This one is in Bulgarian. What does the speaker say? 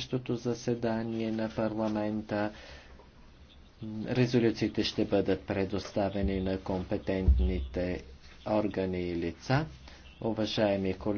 следващото заседание на парламента резолюциите ще бъдат предоставени на компетентните органи и лица. Уважаеми колеги,